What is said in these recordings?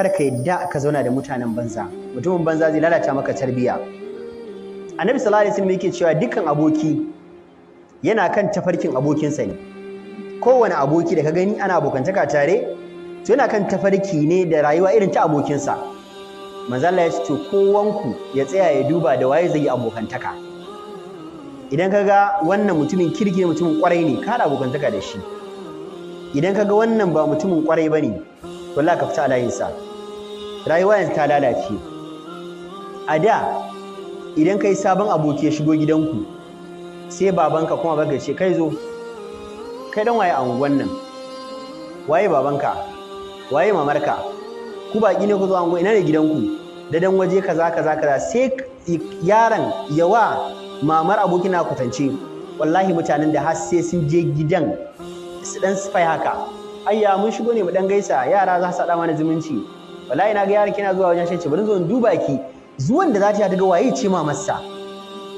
kar ka yadda ka zauna da mutanen banza mutumin banza zai lalata maka tarbiya annabi sallallahu alaihi wasallam yake cewa dukkan aboki yana kan tafarkin abokinsa ne kowane aboki da ka gani ana abokantaka tare to yana kan tafarki ne da rayuwa irin ta abokinsa manzo Allah ya ce to kowanku ya tsaya ya duba da waye zai abokantaka idan ka ga wannan mutumin kirki mutumin kwarai ne ka abokantaka da shi idan ka ga wannan ba mutumin kwarai ba ne wallahi ka fita alayinsa rayuwa yanzu ta lalace a da idan kai sabon aboki ya shigo gidanku sai babanka kuma baka ce kai zo kai dan waye a unguwan nan waye babanka waye mamarka ku baki ne ku zo ango ina ne gidanku da dan waje kaza kaza kaza sai yaron yawa mamar aboki na kwatance wallahi mutanen da har sai sun je gidan su dan spy haka ayya mun shigo ne mu dan gaisa yara za su mana zumunci wallahi na ga yaran kina zuwa wajen shi bari zo in duba ki zuwan da za ta ga waye ce mamarsa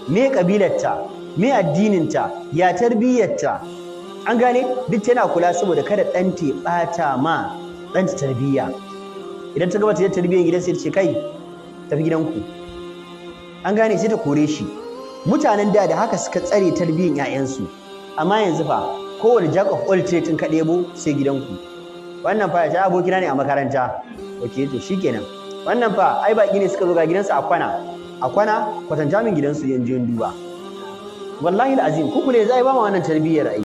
me kabilarta me addininta ya tarbiyyarta an gane duk tana kula saboda kada ɗan ta bata ma ɗan ta tarbiyya idan ta gaba ta tarbiyyar gidan sai ta ce kai tafi gidanku an gane sai ta kore shi mutanen da da haka suka tsare tarbiyyar 'ya'yansu amma yanzu fa kowane jack of all trade in ka ɗebo sai gidanku wannan fa ya abokina ne a makaranta ok to shikenan wannan fa ai baki ne suka zo ga gidansu a kwana a kwana kwatanta min gidansu yanzu yin duba wallahi alazim kuku ne yi ba ma wannan tarbiyyar ai